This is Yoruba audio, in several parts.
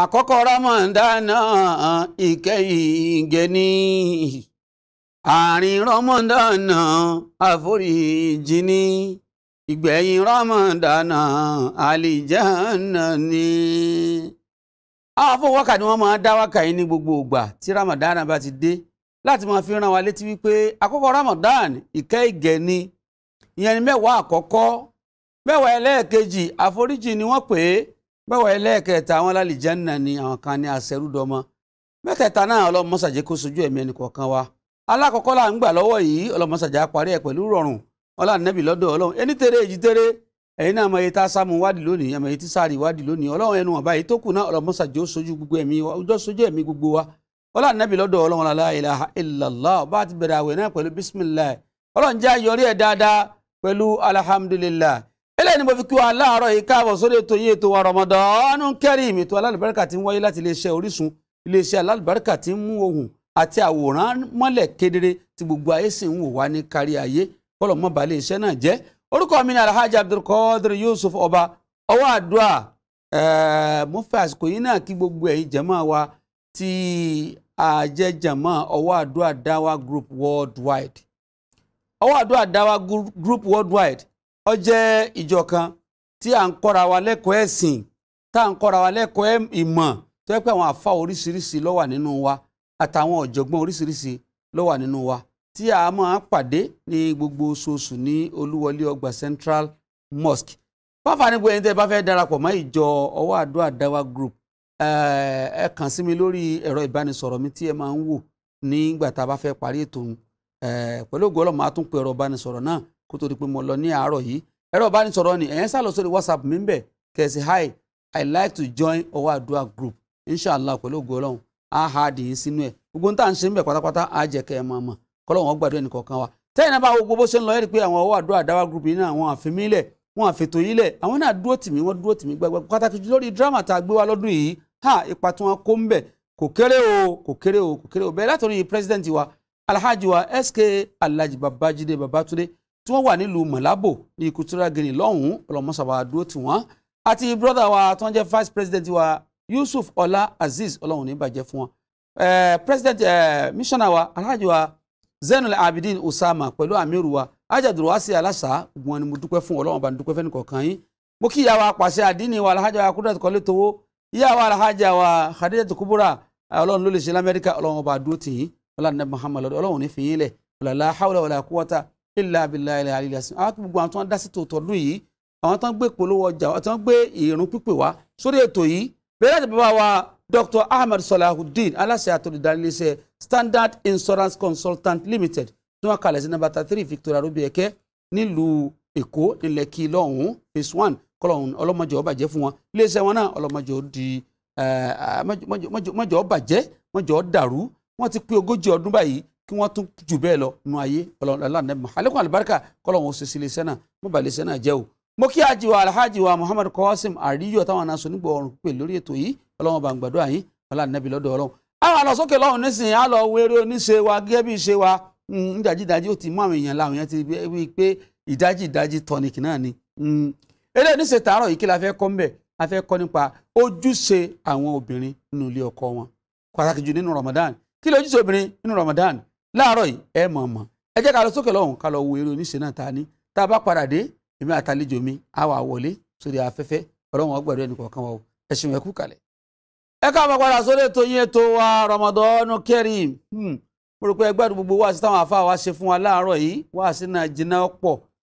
Akọkọ rọ́mọ̀dánà ìkẹyìn gẹ̀ní àárín rọ́mọ̀dánà àforíjì ní ìgbẹ̀yìn rọ́mọ̀dánà àlìjáànà ni. àwọn afọwọ́kà ni wọ́n máa dá wákà yìí ní gbogbo ìgbà tí rọ́mọ̀dánà bá ti dé láti máa fi rán wa létí wípé àkọ́kọ́ rọ́mọ̀dánà ìkẹyìn gẹ̀ní ìyẹn ni mẹ́wàá àkọ́kọ́ mẹ́wàá ẹlẹ́ẹ̀kejì àforíjì ni wọ́n pè báwo ẹlẹ́ẹ̀kẹta àwọn alálìjẹ́nà ni àwọn kan ní aṣẹ́rúdọ́mọ mẹ́tẹ̀ẹ̀ta náà ọlọ́mọṣàjẹ́ kó sojú ẹ̀mí ẹnì kọ̀ọ̀kan wa alákọ̀ọ́kọ́ là ń gbà lọ́wọ́ yìí ọlọ́mọṣàjẹ́ parí ẹ̀ pẹ̀lú rọrùn ọlànẹ́bì lọ́dọ̀ ọlọ́run ẹni tèrè èjì tèrè ẹ̀yin náà mọ̀ye tá a sámú wádìí lónìí ẹ̀mọ̀ye tí sáàrì wádìí lónìí ọlọ́run ẹnu ọ̀bá yìí tó kù náà ọlọ́mọṣàjẹ́ sojú gbogbo ẹ̀mí wa ọjọ́ sojú ẹ̀mí gbogbo wa ọlànẹ́bì lọ́dọ̀ ọlọ́run la ilaha illallah ti bẹ̀rẹ̀ àwẹ̀ náà pẹ̀lú bismillah ọlọ́run jẹ́ ayọ̀rí ẹ̀ dáadáa pẹ̀lú alhamdulillah eléyìí ni mo fi kí wa láàárọ̀ yìí káàbọ̀ sórí ètò yìí ètò wa Ramadan Kareem ètò alálùbáríkà ti ń wáyé láti iléeṣẹ́ Orísun iléeṣẹ́ alálùbáríkà ti ń mú ohùn àti àwòrán mọ́lẹ̀ kedere tí gbogbo ayé sì ń wò wá ní kárí ayé kọ́lọ̀ mọ́ balẹ̀ iṣẹ́ náà jẹ́ orúkọ mi ni Alhaji Abdulkadir Yusuf Ọba ọwọ́ àdúrà eh, mo fẹ́ àsìkò yìí náà kí gbogbo ẹ̀yin jẹ̀mọ́ wa ti àjẹjẹ̀mọ́ ọwọ́ àdúrà dáwà group worldwide ọwọ́ àdúrà dáwà group worldwide ó jẹ́ ìjọ kan tí à ń kọ́ra wa lẹ́kọ̀ọ́ ẹ̀sìn tá à ń kọ́ra wa lẹ́kọ̀ọ́ ìmọ̀ tó yẹ pé àwọn àfa oríṣiríṣi ló wà nínú wa àtàwọn ọ̀jọ̀gbọ́n oríṣiríṣi ló wà nínú wa tí a máa pàdé ní gbogbo oṣooṣù ní olúwọlé ọgbà Central Mosque fáfáàní gbogbo ẹni tẹ́ bá fẹ́ darapọ̀ mọ́ ìjọ ọwọ́ àdúrà dáwà group eh, ẹ kàn sí mi lórí ẹ̀rọ ìbánisọ̀rọ̀ mi tí ẹ máa ń wò nígbà tá a bá fẹ́ parí ètò eh, pẹ̀lú ògo Ọlọ́run máa tún pe náà kó tó di pé mo lọ ní àárọ̀ yìí ẹ̀rọ ìbánisọ̀rọ̀ ni ẹ̀yẹn sálọ sórí whatsapp mi ń bẹ̀ kẹ̀sì hi i like to join ọwọ́ àdúrà group inshallah pẹ̀lú ògo ọlọ́run á ha dì í sínú ẹ̀ gbogbo ń tà ń ṣe ń bẹ̀ pátápátá á jẹ́ kẹ́ ẹ máa mọ̀ kọ́lọ́ wọn gbàdúrà ẹnì kọ̀ọ̀kan wa tẹ́yìn náà bá gbogbo bó ṣe ń lọ ẹ̀rí pé àwọn ọwọ́ àdúrà àdáwà group yìí náà wọn àfin mí lẹ̀ wọn àfètò yìí lẹ̀ àwọn náà dúró tì mí wọ́n dúró tì gbàgbà pàtàkì jù lórí dírámà tá a gbé wá lọ́dún yìí ha ipa tí wọ́n kó ń bẹ̀ kò kéré o kò kéré o kò kéré o bẹ́ẹ̀ látọ̀rí president wa alhaji wa sk alhaji babajide babatunde tí wọ́n wà nílùú mọ̀lábò ní Ikutira Guinea lọ́hùn-ún ọlọ́mọṣàbà dúró tì wọ́n àti brọ́dà wa tí wọ́n jẹ́ vice president wa Yusuf Ọlá Aziz ọlọ́run ní ìbàjẹ́ fún wọn president missioner wa alhaji wa Zainul Abidin Usama pẹ̀lú amiru wa ajadu wasi alasa gbọ́n ni mo dúpẹ́ fún ọlọ́run bá ní dúpẹ́ fẹ́ni kọ̀ọ̀kan yín mo kí ìyá wa pàṣẹ àdínní wa alhaja wa kúndà kọ́lé towó ìyá wa alhaja wa Khadijat Kubura ọlọ́run ló lè ṣe lamẹ́ríkà ọlọ́run bá dúró tì yín ọlọ́run ní Muhammad ọlọ́run ní fi yín lẹ̀ ọ̀làlá hawla wàlá kúwọ́ta ilà abilà ilà àlìlẹ àti àwọn gbogbo àwọn tó ń dá sí tòótọ́ ọdún yìí àwọn tó ń gbé polówó ọjà àwọn tó ń gbé ìrún pípè wá sórí ètò yìí bẹ́ẹ̀ láti bàbá wa Dr. Ahmed Salahuddin aláṣẹ àtòlùdarílẹsẹ Standard Insurance Consultant Limited tí wọ́n kalẹ̀ sí nàmbà three Victoria Rubieke nílùú Èkó nílẹ̀ kí lọ́hùn phase one kọlọ́hùn ọlọ́mọjọ ó bàjẹ́ fún wọn iléeṣẹ́ wọn náà ọlọ́mọjọ di mọ́jọ ó bàjẹ́ mọ́jọ ó dàrú wọ́n ti pé ogójì ọdún báyìí kí wọ́n tún jù bẹ́ẹ̀ lọ nu ayé ọlọ́run aláǹdẹ́ mọ̀ alẹ́kùn àlùbáríkà kọ́lọ́hún ṣe sílé sẹ́nà mo bà lè sẹ́nà jẹ́ o. mo kí àjìwà alhaji wa muhammad qasim àríyọ táwọn aṣọ nígbà ọrùn pè lórí ètò yìí ọlọ́run bá ń gbàdúrà yín ọlọ́run lọ́dọ̀ ọlọ́run. àwọn àlọ́sókè lọ́hùn nísìnyí á lọ wéré oníṣe wa gẹ́gẹ́ bí ìṣe wa ńdàjídàjí hmm, ó ni. Hmm, eléyìí níṣe tààrọ̀ yìí kí la fẹ́ kọ́ ń bẹ̀ a fẹ́ kọ́ nípa ojúṣe ramadan kí lójúṣe obìnrin nínú ramadan láàárọ̀ yìí ẹ mọ̀ mọ̀ ẹ jẹ́ ká lọ sókè lọ́hùn ká lọ wo eré oníṣe náà ta ni tá a bá padà dé èmi àtàlejò mi á wà wọlé sórí afẹ́fẹ́ ọlọ́run ọgbẹ̀rún ẹnì kọ̀ọ̀kan wa o ẹ ṣeun ẹ kú kalẹ̀. ẹ káàmọ́ padà sórí ètò yín ètò wa Ramadan Kareem hmm, mo rò pé ẹ gbádùn gbogbo wáàsí táwọn àfáà wa ṣe fún wa láàárọ̀ yìí wáàsí náà jiná pọ̀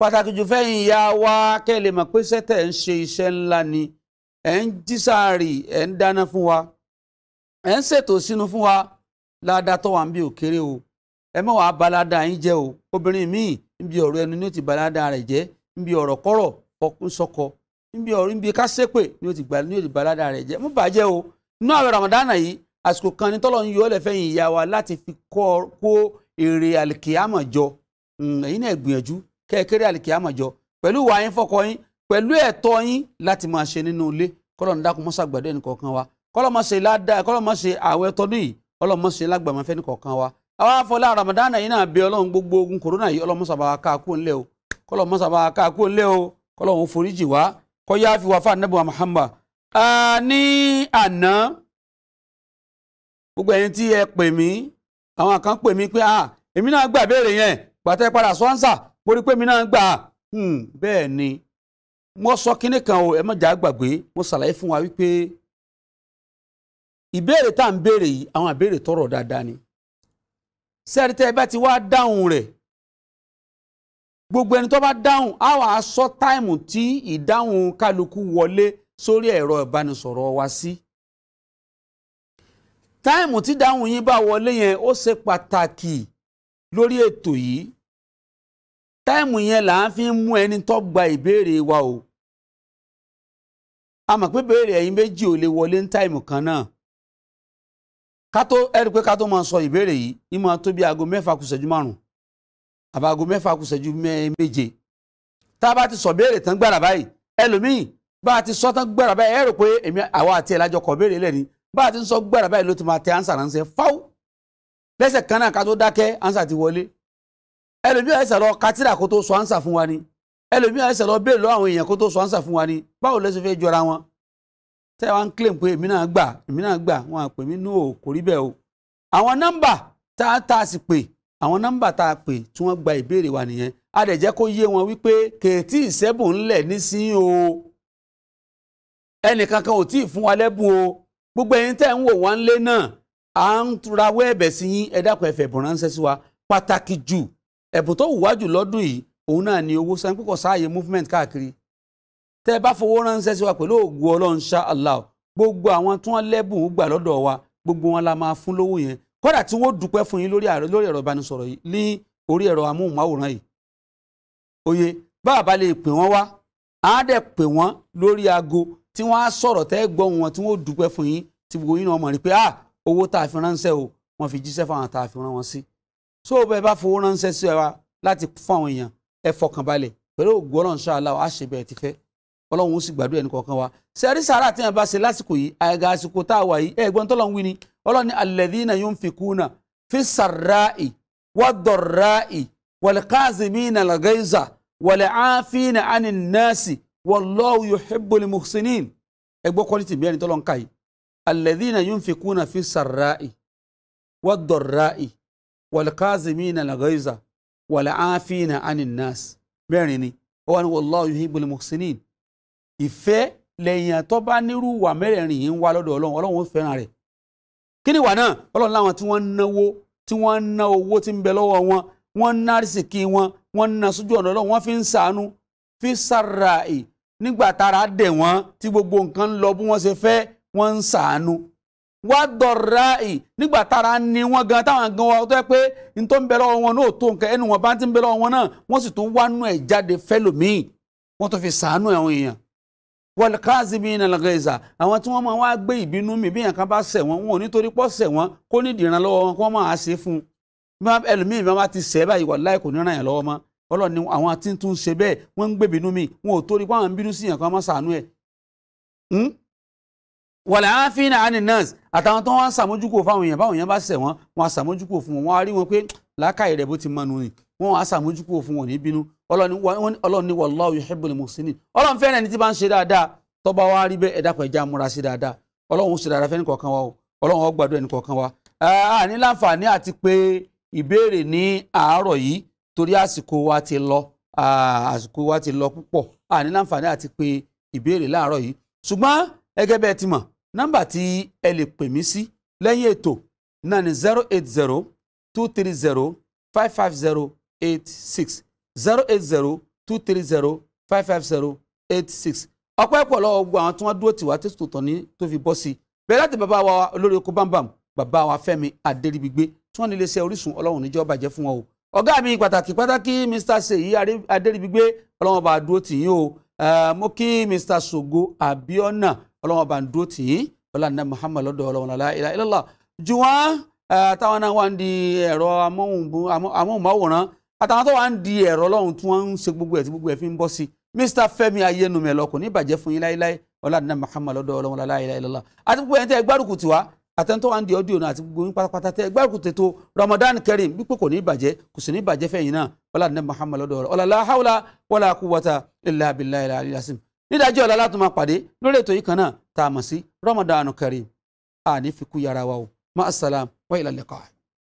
pàtàkì jù fẹ́yìn ìyá wa kẹ́ ẹ lè mọ̀ pé sẹ́tẹ̀ ń ṣe iṣẹ́ ńlá ni ẹ̀ ń jísàárì ẹ̀ ń dáná fún wa ẹ̀ ń ṣètò sínú fún wa ládàá tó wà ń bí òkèrè o emewa wàá balada yín jẹ́ o obìnrin míì níbi ọ̀rọ̀ ẹnu ni ó ti balada rẹ̀ jẹ́ níbi ọ̀rọ̀ kọ́rọ̀ ọkùn sọkọ níbi ọ̀rọ̀ níbi kásépè ni ó ti balada rẹ̀ jẹ́ mú baje o inú àwẹ̀ ramadana yìí àsìkò kan ní tọ́lọ́ ń yọ ọ́lẹ̀ ìyá fi kó èrè àlìkìyàmọ̀ jọ hmm, ẹ̀yin náà gbìyànjú kẹ́ẹ̀kẹ́rẹ́ àlìkìyàmọ̀ jọ yín fọkọ yín yín láti máa ṣe wa kọlọ ṣe ládàá kọlọ ṣe wa wa afo lea ramadan na i na abia olom gbogboo gwu kworo nayi o mnsaba ka kwole kol musaba aka akpuole kolo furu iji w koyi afiwafa nnagbua mamamma anianna ogweye tiye kpei awakamkpemi ikpe a emina gba bereye kpatarakpara aso nsa kporkpemi na mgba beni Gbagbe emeji agbagwe fun sala ifunwaikpe ibere ta yi mbere awabere toro ni. sẹ́ẹ̀rí tẹ́ ẹ bá ti wá dáhùn rẹ̀ gbogbo ẹni tó bá dáhùn á wà á sọ táìmù tí ìdáhùn kálukú wọlé sórí ẹ̀rọ ìbánisọ̀rọ̀ wa sí. táìmù tí dáhùn yín bá wọlé yẹn ó ṣe pàtàkì lórí ètò yìí táìmù yẹn là ń fi mú ẹni tó gba ìbéèrè wa o a mọ̀ pé béèrè ẹ̀yin méjì ò lè wọlé ní táìmù kan náà ká tó ẹ̀rí pé ká tó máa sọ ìbéèrè yìí ní máa tó bí aago mẹ́fà kù ṣẹ́jú márùn-ún àbá aago mẹ́fà kù ṣẹ́jú méje tá a bá ti sọ béèrè tán gbàrà báyìí ẹlòmíì bá a ti sọ tán gbàrà báyìí ẹ rò pé èmi àwa àti ẹ̀ lájọ kọ̀ béèrè lẹ́ni bá a ti sọ gbàrà báyìí ló ti máa tẹ ansa ránṣẹ́ fáwọ́ lẹ́sẹ̀ kan náà ká dákẹ́ ansa ti wọlé ẹlòmíì ẹsẹ̀ lọ tẹ́ wá ń claim pé èmi náà gbà èmi náà gbà wọn àpè mí nú òkò rí bẹ́ẹ̀ o àwọn nọ́mbà tá a tá a sì pè àwọn nọ́mbà tá a pè tí wọ́n gba ìbéèrè wa nìyẹn a dẹ̀ jẹ́ kó yé wọn wípé kèétí ìṣẹ́bùn ńlẹ̀ nísìnyí o ẹnìkankan ò tí ì fún wa lẹ́bùn o gbogbo ẹ̀yin tẹ́ ń wò wá ńlé náà à ń rawọ́ ẹ̀bẹ̀ sí yín ẹ dákun ẹ̀fẹ̀ bọ̀ ránṣẹ́ sí wa pàtàkì jù ẹ̀bùn tó wù wá lọ́dún yìí òun náà ni owó sanpé sáàyè movement káàkiri tẹ́ ẹ bá fowó ránṣẹ́ sí wa pẹ̀lú ògùn ọlọ́run ṣá allah gbogbo àwọn tí wọ́n lẹ́bùn gbà lọ́dọ̀ wa gbogbo wọn la máa fún lówó yẹn kódà tí wọ́n dúpẹ́ fún yín lórí ẹ̀rọ ìbánisọ̀rọ̀ yìí ní orí ẹ̀rọ amóhùnmáwòrán yìí òye báàbá lè pè wọ́n wá á dẹ̀ pè wọ́n lórí aago tí wọ́n á sọ̀rọ̀ tẹ́ gbọ́ wọn tí wọ́n dúpẹ́ fún yín tí gbogbo yín náà mọ̀ pé ah, owó tá a fi ránṣẹ́ o wọ́n fi jíṣẹ́ fáwọn tá a fi rán wọn sí so bẹ́ẹ̀ bá fowó ránṣẹ́ sí wa láti fún àwọn èèyàn ẹ fọkànbalẹ̀ pẹ̀lú ògùn ọlọ́run ṣáà á ṣe bẹ́ẹ̀ ti fẹ́ ọlọ́run ó sì gbàdúrà ẹnì kọ̀ọ̀kan wa sẹ́rí sàárà tí wọ́n bá ṣe lásìkò yìí àyàgà àsìkò tá a wà yìí ẹ̀gbọ́n tọ́lọ́run wí ni ọlọ́run ní alladhina yunfikuna fi sarra'i wad-dharra'i wal-kazimina al-ghayza wal-'afina 'anin nasi wallahu yuhibbul muhsinin ẹ̀gbọ́n kọ́lítì bí ẹni tọ́lọ́run ká yìí alladhina yunfikuna ìfẹ́ lẹ́yìn tó bá nírú wà mẹ́rẹ̀ẹ̀rin yìí ń wá lọ́dọ̀ ọlọ́run ọlọ́run ó fẹ́ràn rẹ̀ kí ni ìwà náà ọlọ́run láwọn tí wọ́n náwó tí wọ́n ná owó tí ń bẹ lọ́wọ́ wọn wọ́n ná rìsìkì wọn wọ́n ná sójú ọ̀nà ọlọ́run wọ́n fi ń sàánú fi ì nígbà tára dẹ̀ wọ́n tí gbogbo nǹkan lọ bí wọ́n ṣe fẹ́ wọ́n n tó ń wọlkazimina lgeza àwọn tí wọ́n máa wá gbé ìbínú mi bí yànkan bá ṣẹ̀ wọ́n wọn ò nítorí pọ̀ ṣẹ̀ wọ́n kó ní ìdìran lọ́wọ́ wọn kó máa ṣe fún un ẹlòmíì máa ti ṣẹ̀ báyìí wàláì kò ní ràn yàn lọ́wọ́ mọ́ ọlọ́run ni àwọn tí ń tún ṣe bẹ́ẹ̀ wọ́n ń gbé ìbínú mi wọn ò torí pé àwọn ń bínú sí yànkan máa ṣàánú ẹ̀. wàlẹ̀ àwọn fi náà ní nurse àtàwọn tó wọ́n ṣàmójúkò fáwọn èèyàn báwọn èèyàn bá ṣẹ̀ wọ́n wọ́n ṣàmójúkò fún wọn wọn wọn á sàmójúkú fún wọn ní bínú ọlọ́run ní wallahu yuhibbul muhsinin ọlọ́run fẹ́ràn ẹni tí bá ń ṣe dáadáa tó bá wá rí bẹ́ẹ̀ ẹ̀dá pẹ̀já múra sí dáadáa ọlọ́run ṣe dáadáa fẹ́ni kọ̀ọ̀kan wa o ọlọ́run ó gbàdúrà ẹni kọ̀ọ̀kan wa. a ní láǹfààní àti pé ìbéèrè ní àárọ̀ yìí torí àsìkò wa ti lọ àsìkò wa ti lọ púpọ̀ a ní láǹfààní àti pé ìbéèrè láàárọ̀ yìí ṣùgbọ́n ẹgẹ́ bẹ́ẹ̀ ti mọ̀ nọ́mbà tí ẹ lè pè mí sí lẹ́yìn ètò náà ni zero eight zero two three zero five five zero 86 080 230 550 86 ọpẹ́ pọ̀ lọ́wọ́ gbogbo àwọn tí wọ́n dúró tìwá tí tòótọ́ ní tó fi bọ́ sí i bẹ́ẹ̀ láti bàbá wa olórí oko bámbàm bàbá wa Fẹ́mi Adéríbigbé tí wọ́n ní iléeṣẹ́ Orísun Ọlọ́run níjọ́ bàjẹ́ fún wọn o ọ̀gá mi pàtàkì pàtàkì Mr Seyi Adéríbigbé Ọlọ́run bá dúró tì yín o mo kí Mr Sogo Abiona Ọlọ́run bá dúró tì yín ọlọ́nà Muhammad lọ́dọ̀ Ọlọ́run lọ́la ilà ilà lọ́ jùwọ́n táwọn náà wà ní ẹ̀rọ amóhùnmáwòrán àtàwọn tó wà ń di ẹ̀rọ ọlọ́run tí wọ́n ń ṣe gbogbo ẹ̀ tí gbogbo ẹ̀ fi ń bọ́ sí Mr Fẹ́mi ayélujára lọ kò ní bàjẹ́ fún yín láéláé ọlọ́dúnrún Muhammad lọ́dọ̀ ọlọ́run láéláéláà àti gbogbo ẹ̀yìn tẹ́ gbárùkù tì wá àtẹ̀ntọ́ wa ń di ọdíò náà àti gbogbo yín pátápátá tẹ́ gbárùkù tètò Ramadan Kareem bí pé kò ní bàjẹ́ kò sì ní bàjẹ́ fẹ́yìn náà ọlọ́dúnrún Muhammad ọlọ́run la hawla wala quwwata illa billahil aliyyil azim nídàájọ́ ọ̀la látún máa pàdé lórí náà tá a mọ̀ Ramadan Kareem àní fi kú yàrá wa